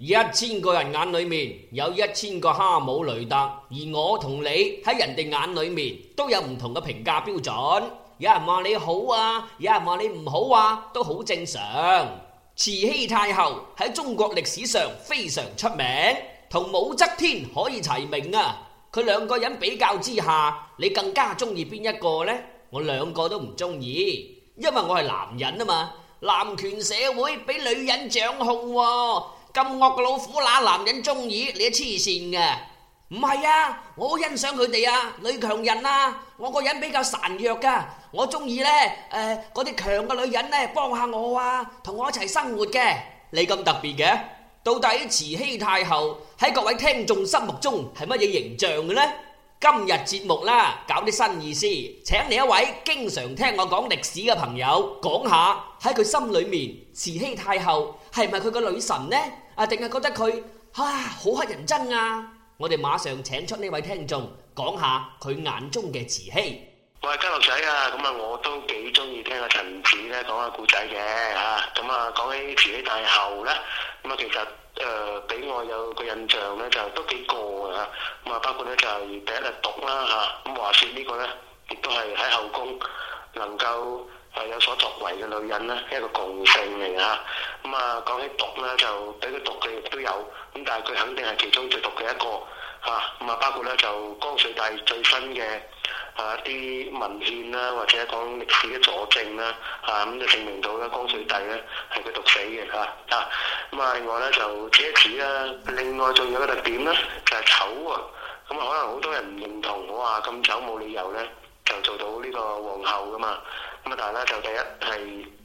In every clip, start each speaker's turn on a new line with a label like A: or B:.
A: 一千個人眼裏面有一千個哈姆雷特，而我同你喺人哋眼裏面都有唔同嘅評價標準。有人話你好啊，有人話你唔好啊，都好正常。慈禧太后喺中國歷史上非常出名，同武則天可以齊名啊。佢兩個人比較之下，你更加中意邊一個呢？我兩個都唔中意，因為我係男人啊嘛，男權社會俾女人掌控啊。咁惡嘅老虎乸男人中意你一黐線嘅，唔係啊！我好欣賞佢哋啊，女強人啊！我個人比較孱弱噶，我中意呢誒嗰啲強嘅女人呢幫下我啊，同我一齊生活嘅。你咁特別嘅，到底慈禧太後喺各位聽眾心目中係乜嘢形象嘅呢？今日節目啦，搞啲新意思，請你一位經常聽我講歷史嘅朋友講下喺佢心裏面慈禧太后。係咪佢個女神呢？啊，定係覺得佢啊好乞人憎啊？我哋馬上請出呢位聽眾講下佢眼中嘅慈
B: 禧。我係家樂仔啊，咁啊，我都幾中意聽阿陳子咧講下故仔嘅吓，咁啊講起慈禧太后咧，咁啊其實誒俾我有個印象咧就都幾過嘅吓，咁啊包括咧就係第一日讀啦吓，咁話說呢個咧亦都係喺後宮能夠。係有所作為嘅女人啦，一個共性嚟嘅嚇。咁啊，講起毒呢，就俾佢毒佢亦都有，咁但係佢肯定係其中最毒嘅一個嚇。咁啊，包括呢，就光緒帝最新嘅啊啲文獻啦，或者講歷史嘅佐證啦，嚇、啊、咁、嗯、就證明到咧光緒帝呢係佢毒死嘅嚇。啊，咁啊，另外呢，就奢侈啦。另外仲有一個特點呢，就係、是、醜、哦、啊。咁、嗯、啊，可能好多人唔認同我話咁醜冇理由呢就做到呢個皇后噶嘛。咁啊，但係咧就第一係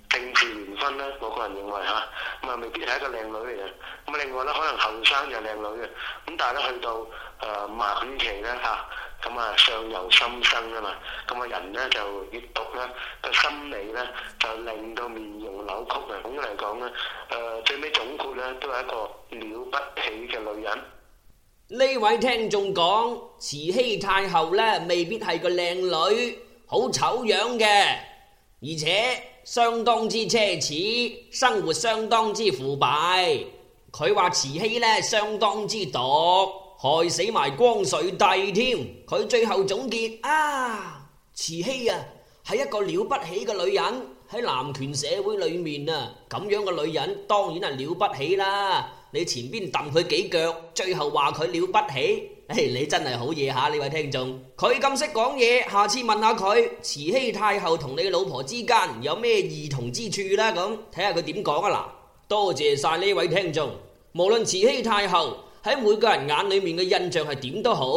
B: 政治聯姻啦，我、個人認為嚇，咁啊未必係一個靚女嚟嘅。咁啊，另外咧可能後生就靚女嘅，咁但係咧去到誒、呃、晚期咧嚇，咁啊相由心生啊嘛，咁啊人咧就越毒咧個心理咧就令到面容扭曲啊。總嘅嚟講咧，誒、啊、最尾總括咧都係一個了不起嘅女人。
A: 呢位聽眾講慈禧太后咧未必係個靚女，好醜樣嘅。而且相當之奢侈，生活相當之腐敗。佢話慈禧呢相當之毒，害死埋光緒帝添。佢最後總結啊，慈禧啊係一個了不起嘅女人。喺男權社會裏面啊，咁樣嘅女人當然係了不起啦。你前邊揼佢幾腳，最後話佢了不起。Hey, 你真係好嘢。吓，呢位聽眾，佢咁識講嘢，下次問下佢，慈禧太后同你老婆之間有咩異同之處啦咁，睇下佢點講啊嗱。多謝晒呢位聽眾，無論慈禧太后喺每個人眼裏面嘅印象係點都好，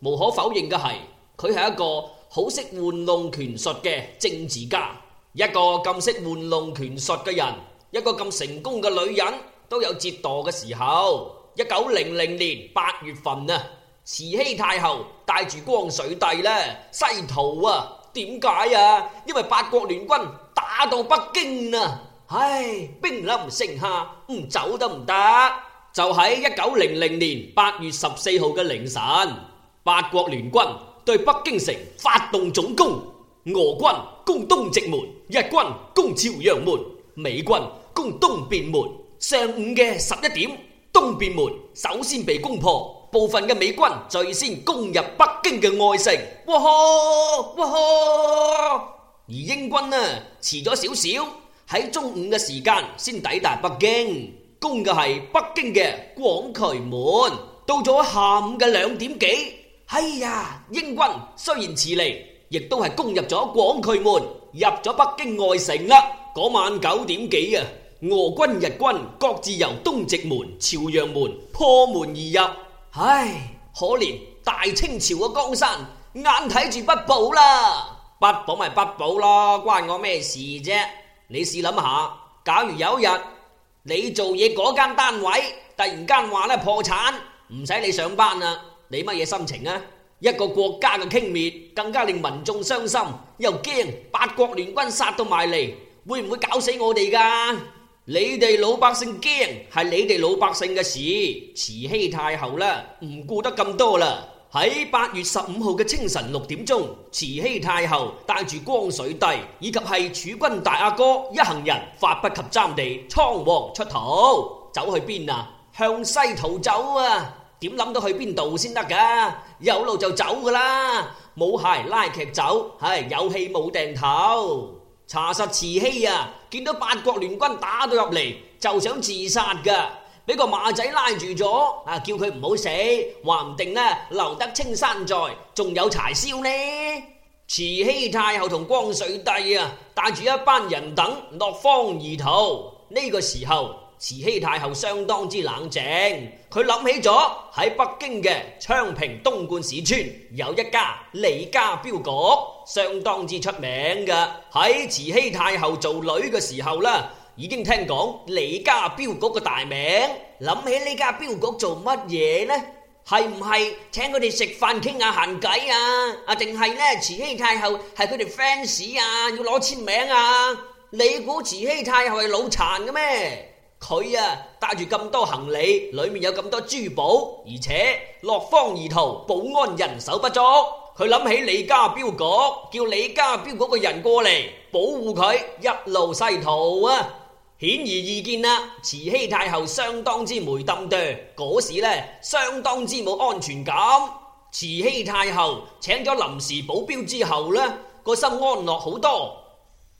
A: 無可否認嘅係佢係一個好識玩弄權術嘅政治家，一個咁識玩弄權術嘅人，一個咁成功嘅女人都有折墮嘅時候。一九零零年八月份啊。慈禧太后帶住光緒帝呢，西逃啊？點解啊？因為八國聯軍打到北京啊，唉，兵臨城下，唔走都唔得。就喺一九零零年八月十四號嘅凌晨，八國聯軍對北京城發動總攻，俄軍攻東直門，日軍攻朝陽門，美軍攻東便門。上午嘅十一點，東便門首先被攻破。部分嘅美軍最先攻入北京嘅外城，哇呵，哇呵，而英軍呢遲咗少少，喺中午嘅時間先抵達北京，攻嘅係北京嘅廣渠門。到咗下午嘅兩點幾，哎呀，英軍雖然遲嚟，亦都係攻入咗廣渠門，入咗北京外城嘞。嗰晚九點幾啊，俄軍日軍各自由東直門、朝陽門破門而入。唉，可憐大清朝嘅江山，眼睇住不保啦！不保咪不保咯，關我咩事啫？你試諗下，假如有一日你做嘢嗰間單位突然間話咧破產，唔使你上班啦，你乜嘢心情啊？一個國家嘅傾滅，更加令民眾傷心，又驚八國聯軍殺到埋嚟，會唔會搞死我哋㗎？你哋老百姓驚係你哋老百姓嘅事，慈禧太后啦唔顧得咁多啦。喺八月十五號嘅清晨六點鐘，慈禧太后帶住光緒帝以及係儲君大阿哥一行人，發不及站地倉皇出逃，走去邊啊？向西逃走啊？點諗到去邊度先得噶？有路就走噶啦，冇鞋拉劇走，係、哎、有氣冇定頭。查實慈禧啊，見到八國聯軍打到入嚟，就想自殺噶，俾個馬仔拉住咗啊，叫佢唔好死，話唔定呢，留得青山在，仲有柴燒呢。慈禧太后同光緒帝啊，帶住一班人等落荒而逃，呢、這個時候。慈禧太后相當之冷靜，佢諗起咗喺北京嘅昌平東冠市村有一家李家鏢局，相當之出名噶。喺慈禧太后做女嘅時候呢，已經聽講李家鏢局嘅大名。諗起呢家鏢局做乜嘢呢？係唔係請佢哋食飯傾下閒偈啊？啊，定係呢？慈禧太后係佢哋 fans 啊，要攞簽名啊？你估慈禧太后係腦殘嘅咩？佢啊，帶住咁多行李，裏面有咁多珠寶，而且落荒而逃，保安人手不足，佢諗起李家鏢局，叫李家鏢局嘅人過嚟保護佢，一路西逃啊！顯而易見啦，慈禧太后相當之霉，登嘅嗰時呢，相當之冇安全感。慈禧太后請咗臨時保鏢之後呢，個心安樂好多。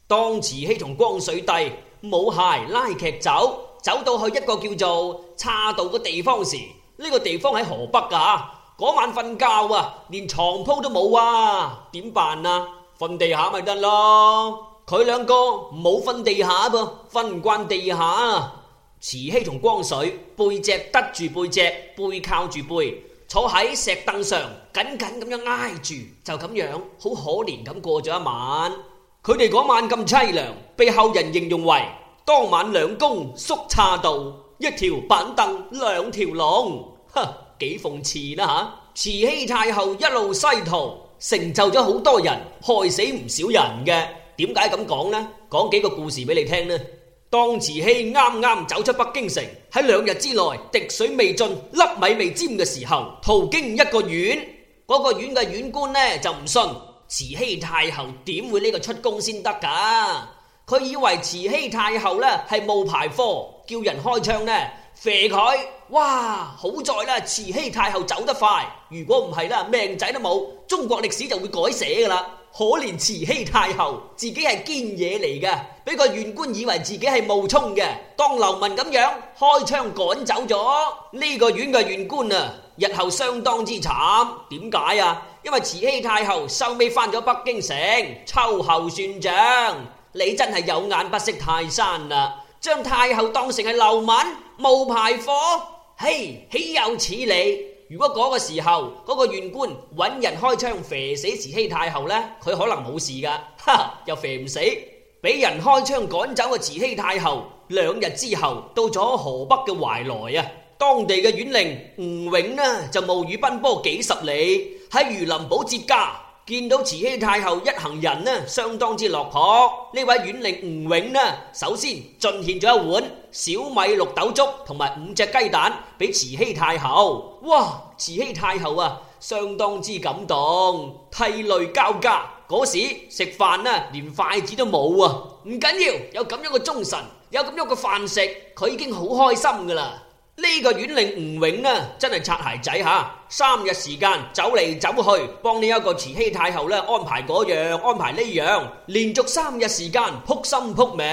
A: 當慈禧同光緒帝冇鞋拉劇走。走到去一個叫做岔道嘅地方時，呢個地方喺河北噶吓。嗰晚瞓覺啊，連床鋪都冇啊，點辦啊？瞓地下咪得咯。佢兩個冇瞓地下噃，瞓唔慣地下。慈禧同光緒背脊得住背脊，背靠住背，坐喺石凳上緊緊咁樣挨住，就咁樣好可憐咁過咗一晚。佢哋嗰晚咁淒涼，被後人形容為。當晚兩宮宿岔道，一條板凳兩條龍，哈，幾諷刺啦吓！慈禧太后一路西逃，成就咗好多人，害死唔少人嘅。點解咁講呢？講幾個故事俾你聽呢？當慈禧啱啱走出北京城，喺兩日之內滴水未進、粒米未沾嘅時候，途經一個縣，嗰個縣嘅縣官呢就唔信慈禧太后點會呢個出宮先得噶。佢以為慈禧太后咧係冒牌貨，叫人開槍咧飛佢。哇！好在啦，慈禧太后走得快，如果唔係啦，命仔都冇，中國歷史就會改寫噶啦。可憐慈禧太后自己係堅嘢嚟嘅，俾個縣官以為自己係冒充嘅，當流民咁樣開槍趕走咗呢個縣嘅縣官啊！日後相當之慘。點解啊？因為慈禧太后收尾翻咗北京城，秋後算賬。你真係有眼不識泰山啊！將太后當成係流民冒牌貨，嘿，豈有此理？如果嗰個時候嗰個縣官揾人開槍射死慈禧太后呢，佢可能冇事噶，哈，哈，又射唔死，俾人開槍趕走個慈禧太后。兩日之後，到咗河北嘅懷來啊，當地嘅縣令吳永呢就冒雨奔波幾十里，喺榆林堡接駕。見到慈禧太后一行人呢、啊，相當之落魄。呢位，縣令吳永呢，首先進獻咗一碗小米綠豆粥同埋五隻雞蛋俾慈禧太后。哇！慈禧太后啊，相當之感動，涕淚交加。嗰時食飯呢、啊，連筷子都冇啊。唔緊要，有咁樣嘅忠臣，有咁樣嘅飯食，佢已經好開心㗎喇。呢個縣令吳永呢、啊，真係擦鞋仔吓、啊，三日時間走嚟走去，幫你一個慈禧太后呢安排嗰樣，安排呢樣，連續三日時間撲心撲命，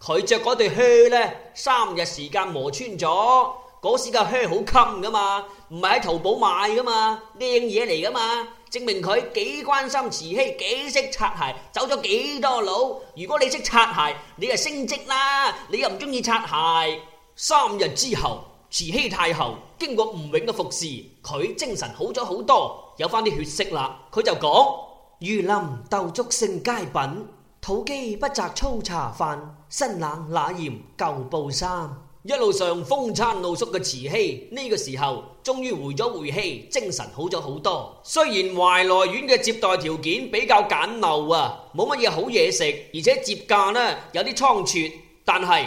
A: 佢着嗰對靴呢，三日時間磨穿咗，嗰時架靴好襟噶嘛，唔係喺淘寶買噶嘛，靚嘢嚟噶嘛，證明佢幾關心慈禧，幾識擦鞋，走咗幾多路。如果你識擦鞋，你就升職啦，你又唔中意擦鞋。三日之後，慈禧太后經過吳永嘅服侍，佢精神好咗好多，有翻啲血色啦。佢就講：如林豆粥性佳品，土雞不擇粗茶飯。新冷那嚴舊布衫，一路上風餐露宿嘅慈禧呢、這個時候終於回咗回氣，精神好咗好多。雖然懷來縣嘅接待條件比較簡陋啊，冇乜嘢好嘢食，而且接駕呢有啲倉促，但係。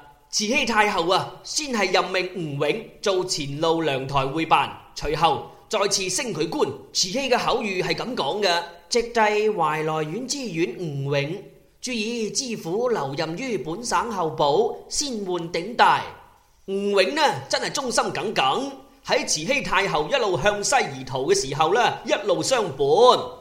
A: 慈禧太后啊，先係任命吳永做前路糧台會辦，隨後再次升佢官。慈禧嘅口諭係咁講嘅：直隸懷來縣知縣吳永，著以，知府留任於本省候補，先換頂戴。吳永呢、啊、真係忠心耿耿，喺慈禧太后一路向西而逃嘅時候呢，一路相伴，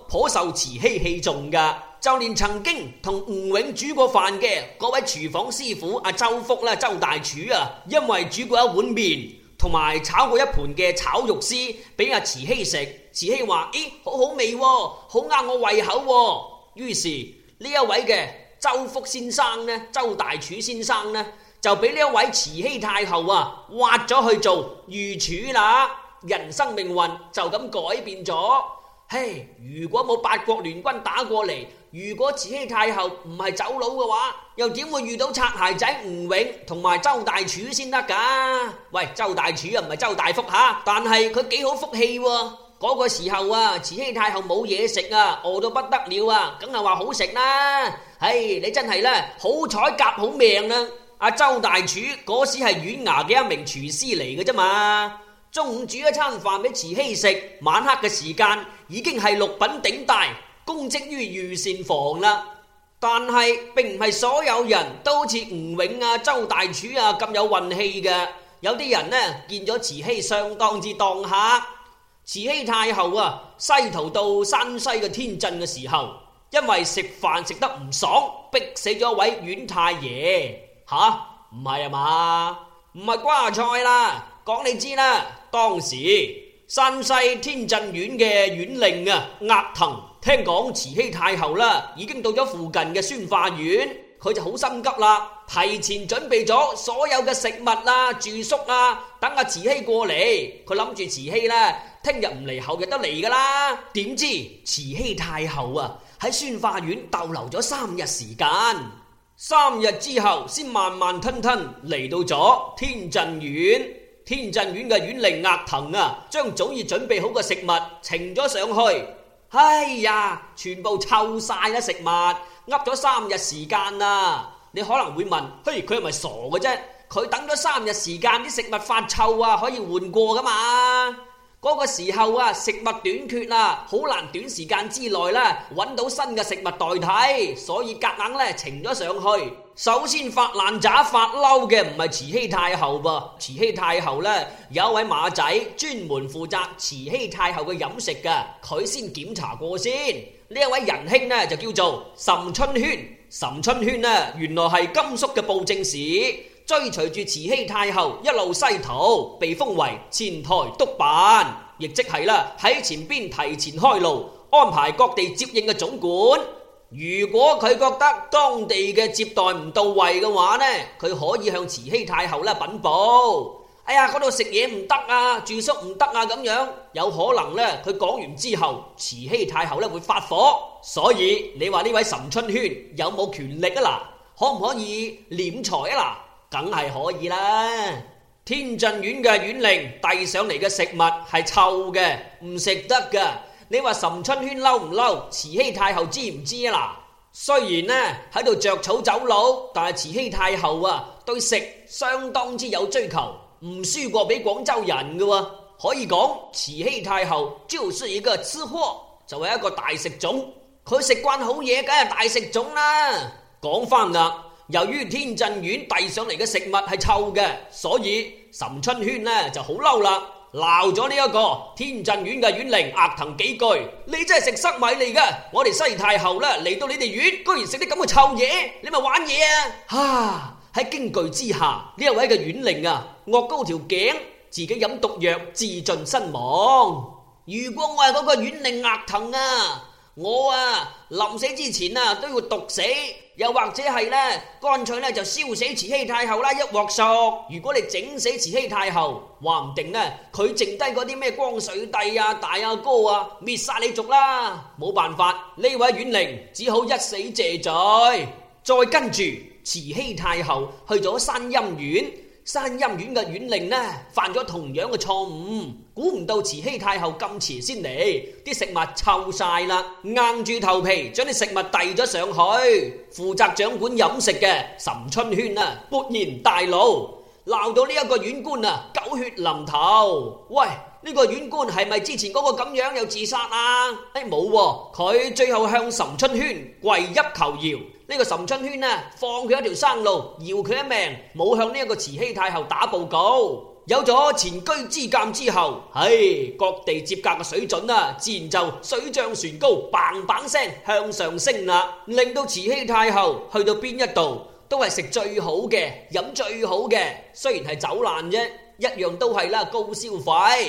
A: 頗受慈禧器重噶。就連曾經同吳永煮過飯嘅嗰位廚房師傅阿周福啦，周大廚啊，因為煮過一碗麵，同埋炒過一盤嘅炒肉絲俾阿慈禧食，慈禧話：咦、哎，好好味，喎，好啱我胃口，喎。於是呢一位嘅周福先生呢，周大廚先生呢，就俾呢一位慈禧太后啊挖咗去做御廚啦，人生命運就咁改變咗。嘿，如果冇八國聯軍打過嚟，如果慈禧太后唔係走佬嘅話，又點會遇到擦鞋仔吳永同埋周大柱先得噶？喂，周大柱啊，唔係周大福吓，但係佢幾好福氣，嗰、那個時候啊，慈禧太后冇嘢食啊，餓到不得了啊，梗係話好食啦。唉，你真係咧，好彩夾好命啊！阿周大柱嗰時係縣衙嘅一名廚師嚟嘅啫嘛。中午煮一餐飯俾慈禧食，晚黑嘅時間已經係六品頂戴，公職於御膳房啦。但係並唔係所有人都好似吳永啊、周大廚啊咁有運氣嘅，有啲人呢見咗慈禧相當之當下。慈禧太后啊，西逃到山西嘅天鎮嘅時候，因為食飯食得唔爽，逼死咗位阮太爺，吓，唔係啊嘛？唔係瓜菜啦。講你知啦，當時山西天鎮縣嘅縣令啊，壓騰聽講慈禧太后啦，已經到咗附近嘅宣化縣，佢就好心急啦，提前準備咗所有嘅食物啊、住宿啊，等阿慈禧過嚟。佢諗住慈禧啦，聽日唔嚟，後日都嚟噶啦。點知慈禧太后啊，喺宣化縣逗留咗三日時間，三日之後先慢慢吞吞嚟到咗天鎮縣。天鎮縣嘅縣令額騰啊，將早已準備好嘅食物呈咗上去。哎呀，全部臭晒啦食物，噏咗三日時間啊！你可能會問，嘿，佢係咪傻嘅啫？佢等咗三日時間，啲食物發臭啊，可以換過噶嘛？嗰個時候啊，食物短缺啊，好難短時間之內啦揾到新嘅食物代替，所以夾硬呢，呈咗上去。首先發爛渣發嬲嘅唔係慈禧太后噃，慈禧太后呢，有一位馬仔專門負責慈禧太后嘅飲食㗎，佢先檢查過先。呢一位仁兄呢，就叫做岑春煊，岑春煊呢，原來係甘肅嘅布政使。追隨住慈禧太后一路西逃，被封為前台督辦，亦即係啦，喺前邊提前開路，安排各地接應嘅總管。如果佢覺得當地嘅接待唔到位嘅話呢，佢可以向慈禧太后啦稟報。哎呀，嗰度食嘢唔得啊，住宿唔得啊，咁樣有可能呢，佢講完之後，慈禧太后呢會發火。所以你話呢位岑春軒有冇權力啊？嗱，可唔可以斂財啊？嗱？梗係可以啦！天津縣嘅縣令遞上嚟嘅食物係臭嘅，唔食得噶。你話岑春煊嬲唔嬲？慈禧太后知唔知啊？嗱，雖然呢喺度着草走佬，但係慈禧太后啊，對食相當之有追求，唔輸過畀廣州人噶啊。可以講慈禧太后就是一個吃貨，就係一個大食種。佢食慣好嘢，梗係大食種啦。講翻啦。由於天鎮縣遞上嚟嘅食物係臭嘅，所以岑春煊呢就好嬲啦，鬧咗呢一個天鎮縣嘅縣令，牙疼幾句。你真係食塞米嚟噶！我哋西太后啦，嚟到你哋縣，居然食啲咁嘅臭嘢，你咪玩嘢啊！哈、啊！喺驚懼之下，呢一位嘅縣令啊，惡高條頸，自己飲毒藥自盡身亡。如果我係嗰個縣令，牙疼啊！我啊，臨死之前啊，都要毒死，又或者係呢，乾脆呢，就燒死慈禧太后啦，一鑊熟。如果你整死慈禧太后，話唔定呢、啊，佢剩低嗰啲咩光緒帝啊、大阿、啊、哥啊，滅殺你族啦，冇辦法。呢位阮玲只好一死謝罪，再跟住慈禧太后去咗山陰縣。山陰縣嘅縣令呢，犯咗同樣嘅錯誤，估唔到慈禧太后咁遲先嚟，啲食物臭晒啦，硬住頭皮將啲食物遞咗上去，負責掌管飲食嘅岑春軒啊，勃然大怒，鬧到呢一個縣官啊狗血淋頭，喂！呢個縣官係咪之前嗰個咁樣又自殺啊？誒、哎、冇，佢、啊、最後向岑春煊跪泣求饒。呢、這個岑春煊啊，放佢一條生路，饒佢一命，冇向呢一個慈禧太后打報告。有咗前車之鑑之後，唉、哎，各地接駕嘅水準啊，自然就水漲船高，棒棒聲向上升啦、啊，令到慈禧太后去到邊一度，都係食最好嘅，飲最好嘅。雖然係走難啫，一樣都係啦，高消費。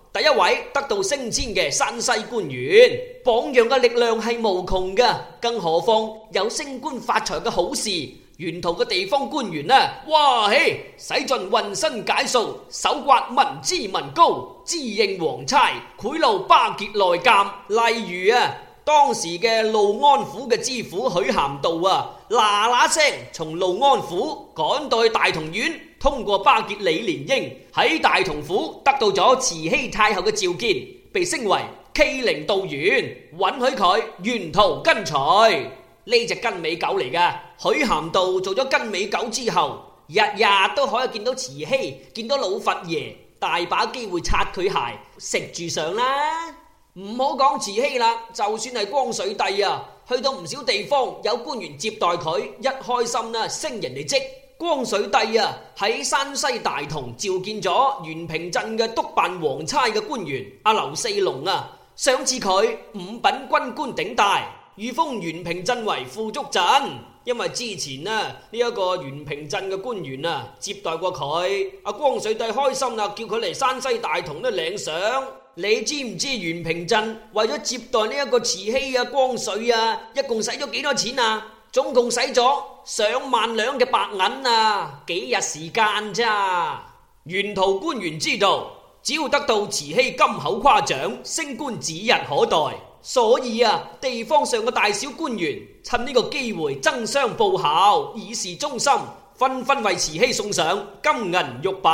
A: 第一位得到升遷嘅山西官員，榜樣嘅力量係無窮噶，更何況有升官發財嘅好事，沿途嘅地方官員呢，哇嘿，使盡渾身解數，搜刮民脂民膏，知應皇差，賄賂巴結內監。例如啊，當時嘅潞安府嘅知府許咸道啊，嗱嗱聲從潞安府趕到去大同縣。通過巴結李蓮英，喺大同府得到咗慈禧太后嘅召見，被升為冀寧道員，允許佢沿途跟隨。呢隻跟尾狗嚟噶，許咸道做咗跟尾狗之後，日日都可以見到慈禧，見到老佛爺，大把機會擦佢鞋，食住上啦。唔好講慈禧啦，就算係光緒帝啊，去到唔少地方有官員接待佢，一開心啦，升人哋職。光緒帝啊，喺山西大同召見咗原平鎮嘅督辦皇差嘅官員阿劉四龍啊，賞賜佢五品軍官頂戴，御封原平鎮為富足鎮。因為之前呢呢一個原平鎮嘅官員啊接待過佢，阿光緒帝開心啦，叫佢嚟山西大同都領賞。你知唔知原平鎮為咗接待呢一個慈禧啊光緒啊，一共使咗幾多錢啊？總共使咗上萬兩嘅白銀啊，幾日時間咋？沿途官員知道，只要得到慈禧金口誇獎，升官指日可待。所以啊，地方上嘅大小官員趁呢個機會爭相報效，以示忠心，紛紛為慈禧送上金銀玉帛。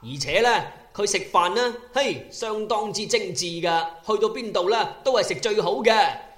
A: 而且呢，佢食飯呢，嘿，相當之精緻噶，去到邊度呢，都係食最好嘅，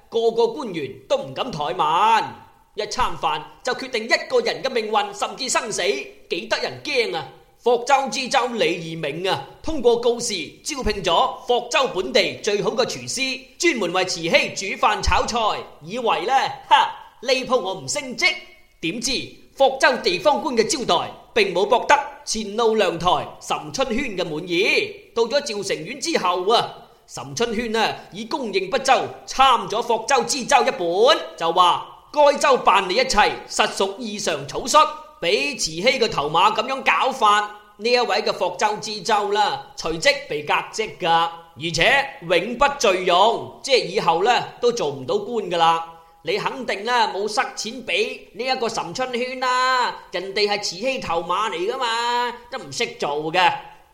A: 個個官員都唔敢怠慢。一餐飯就決定一個人嘅命運甚至生死，幾得人驚啊！霍州知州李二明啊，通過告示招聘咗霍州本地最好嘅廚師，專門為慈禧煮飯炒菜，以為呢，哈呢鋪我唔升職，點知霍州地方官嘅招待並冇博得前路糧台岑春煊嘅滿意。到咗趙城縣之後啊，岑春煊啊以供應不周，參咗霍州知州一本，就話。該州辦理一切，實屬異常草率，俾慈禧個頭馬咁樣搞法，呢一位嘅霍州知州啦，隨即被革職噶，而且永不敘用，即係以後呢都做唔到官噶啦。你肯定啦、啊，冇塞錢俾呢一個岑春煊啦、啊，人哋係慈禧頭馬嚟噶嘛，都唔識做嘅。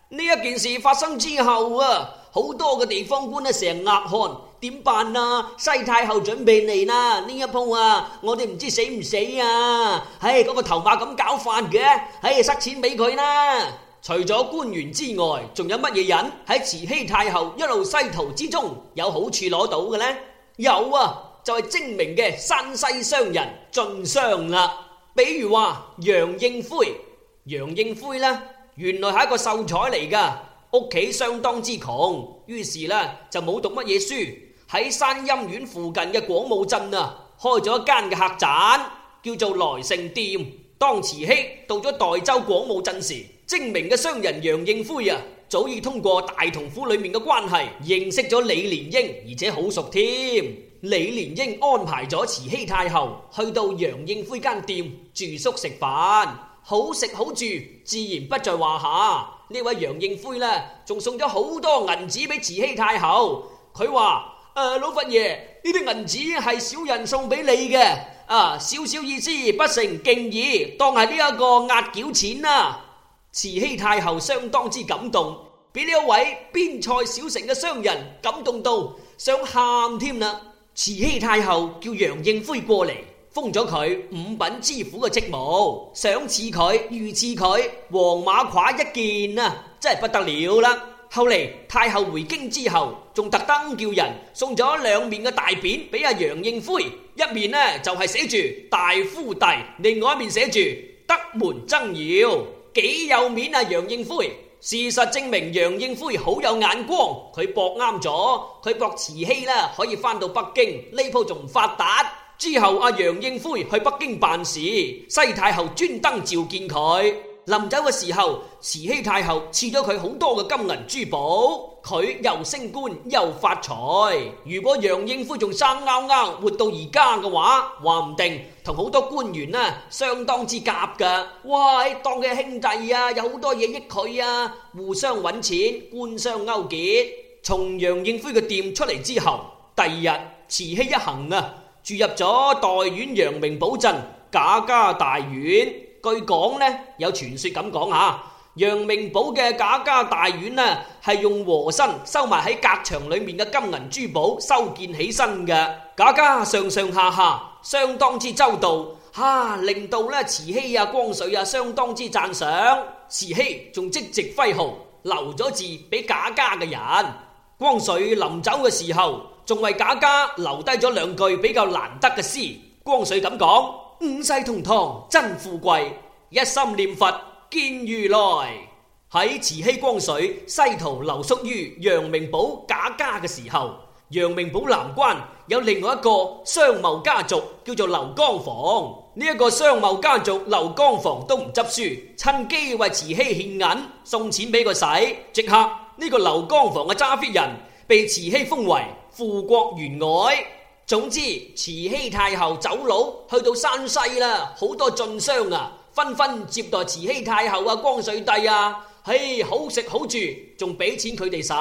A: 呢一件事發生之後啊，好多嘅地方官咧成日壓汗。點辦啊？西太后準備嚟啦，呢一鋪啊，我哋唔知死唔死啊！唉，嗰個頭目咁搞法嘅，唉，塞錢俾佢啦。除咗官員之外，仲有乜嘢人喺慈禧太后一路西逃之中有好處攞到嘅呢？有啊，就係精明嘅山西商人晉商啦。比如話楊應魁，楊應魁呢，原來係一個秀才嚟噶，屋企相當之窮，於是呢就冇讀乜嘢書。喺山陰縣附近嘅廣武鎮啊，開咗一間嘅客棧，叫做來盛店。當慈禧到咗代州廣武鎮時，精明嘅商人楊應魁啊，早已通過大同府裏面嘅關係，認識咗李蓮英，而且好熟添。李蓮英安排咗慈禧太后去到楊應魁間店住宿食飯，好食好住，自然不在話下。呢位楊應魁呢，仲送咗好多銀紙俾慈禧太后，佢話。誒、呃，老佛爺，呢啲銀紙係小人送俾你嘅，啊，少少意思，不成敬意，當係呢一個壓繳錢啦、啊。慈禧太后相當之感動，俾呢一位邊塞小城嘅商人感動到想喊添啦。慈禧太后叫楊應魁過嚟，封咗佢五品知府嘅職務，賞賜佢御賜佢黃馬褂一件啊，真係不得了啦。後嚟太后回京之後，仲特登叫人送咗兩面嘅大匾俾阿楊應輝，一面呢就係、是、寫住大夫第，另外一面寫住德門爭耀，幾有面啊楊應輝！事實證明楊應輝好有眼光，佢博啱咗，佢博慈禧呢可以翻到北京呢鋪仲發達。之後阿、啊、楊應輝去北京辦事，西太后專登召見佢。臨走嘅時候，慈禧太后賜咗佢好多嘅金銀珠寶，佢又升官又發財。如果楊應魁仲生勾勾活到而家嘅話，話唔定同好多官員相當之夾噶。哇，當佢兄弟啊，有好多嘢益佢啊，互相搵錢，官商勾結。從楊應魁嘅店出嚟之後，第二日慈禧一行啊，住入咗代縣陽明堡鎮賈家大院。據講咧，有傳說咁講吓，楊明寶嘅賈家大院呢，係用和珅，收埋喺隔牆裏面嘅金銀珠寶修建起身嘅。賈家上上下下相當之周到，吓令到咧慈禧啊、光緒啊相當之讚賞。慈禧仲即席揮毫留咗字俾賈家嘅人，光緒臨走嘅時候仲為賈家留低咗兩句比較難得嘅詩。光緒咁講。五世同堂真富貴，一心念佛見如來。喺慈禧光緒西逃留宿於楊明堡賈家嘅時候，楊明堡南關有另外一個商貿家族叫做劉江房。呢、這、一個商貿家族劉江房都唔執輸，趁機為慈禧獻銀送錢俾佢使。即刻呢個劉江房嘅揸 fit 人被慈禧封為富國員外。總之，慈禧太后走佬去到山西啦，好多晉商啊，紛紛接待慈禧太后啊，光緒帝啊，嘿，好食好住，仲俾錢佢哋使。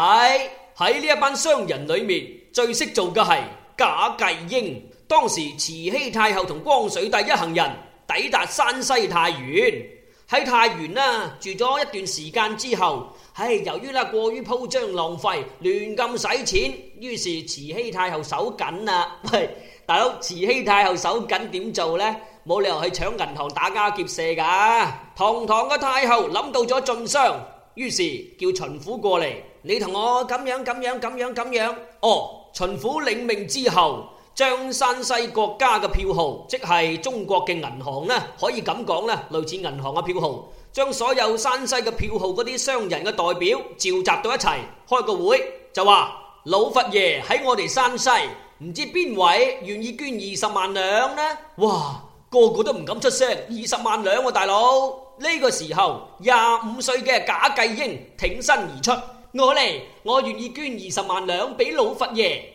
A: 喺呢一班商人裏面，最識做嘅係賈繼英。當時慈禧太后同光緒帝一行人抵達山西太原。喺太原住咗一段時間之後，唉，由於啦過於鋪張浪費，亂咁使錢，於是慈禧太后手緊啊！喂，大佬，慈禧太后手緊點做呢？冇理由去搶銀行、打家劫舍噶！堂堂嘅太后諗到咗晉商，於是叫巡撫過嚟，你同我咁樣咁樣咁樣咁樣。哦，巡撫領命之後。將山西國家嘅票號，即係中國嘅銀行咧，可以咁講咧，類似銀行嘅票號，將所有山西嘅票號嗰啲商人嘅代表召集到一齊開個會，就話老佛爺喺我哋山西，唔知邊位願意捐二十萬兩呢？哇，個個都唔敢出聲，二十萬兩啊，大佬！呢個時候廿五歲嘅賈繼英挺身而出，我嚟，我願意捐二十萬兩俾老佛爺。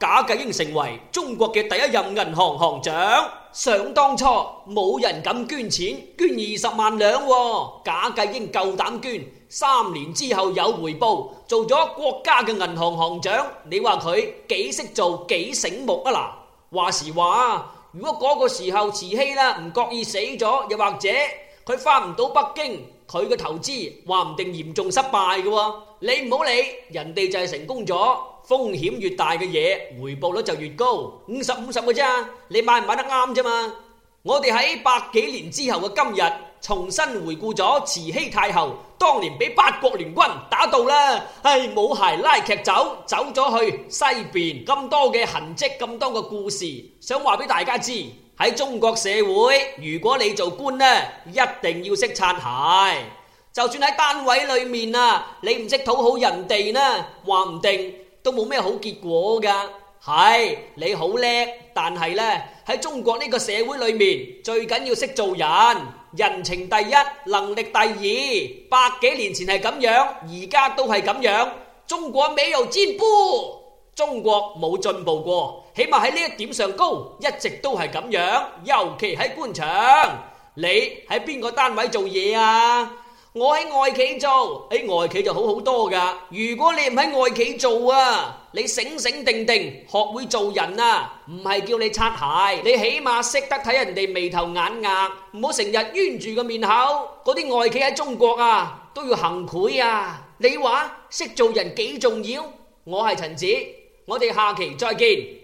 A: 賈繼英成為中國嘅第一任銀行行長。想當初冇人敢捐錢，捐二十萬兩啊。賈繼英夠膽捐，三年之後有回報，做咗國家嘅銀行行長。你話佢幾識做，幾醒目啊嗱！話時話，如果嗰個時候慈禧啦唔覺意死咗，又或者佢翻唔到北京，佢嘅投資話唔定嚴重失敗嘅啊。你唔好理，人哋就係成功咗。風險越大嘅嘢，回報率就越高。五十五十嘅啫，你買唔買得啱啫嘛？我哋喺百幾年之後嘅今日重新回顧咗慈禧太后，當年俾八國聯軍打到啦，係冇鞋拉劇走走咗去西邊。咁多嘅痕跡，咁多嘅故事，想話俾大家知。喺中國社會，如果你做官呢，一定要識擦鞋，就算喺單位裏面啊，你唔識討好人哋呢，話唔定，都冇咩好結果噶，係你好叻，但係呢喺中國呢個社會裏面，最緊要識做人，人情第一，能力第二。百幾年前係咁樣，而家都係咁樣。中國未有進步，中國冇進步過，起碼喺呢一點上高，一直都係咁樣。尤其喺官場，你喺邊個單位做嘢啊？我喺外企做，喺、哎、外企就好好多㗎。如果你唔喺外企做啊，你醒醒定定，學會做人啊，唔係叫你擦鞋，你起碼識得睇人哋眉頭眼額，唔好成日冤住個面口。嗰啲外企喺中國啊，都要行賄啊。你話識做人幾重要？我係陳子，我哋下期再見。